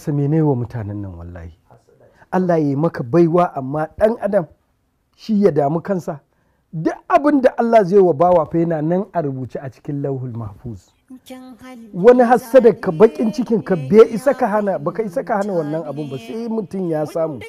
sa mene wa mutanen nan wallahi Allah ya yi maka baiwa amma ɗan adam shi ya damu kansa duk abin da Allah zai wa bawa fa yana nan a rubuce a cikin lauhul mahfuz wani hassada ka bakin cikin ka bai isa ka hana baka isa ka hana wannan abun ba sai mutum ya samu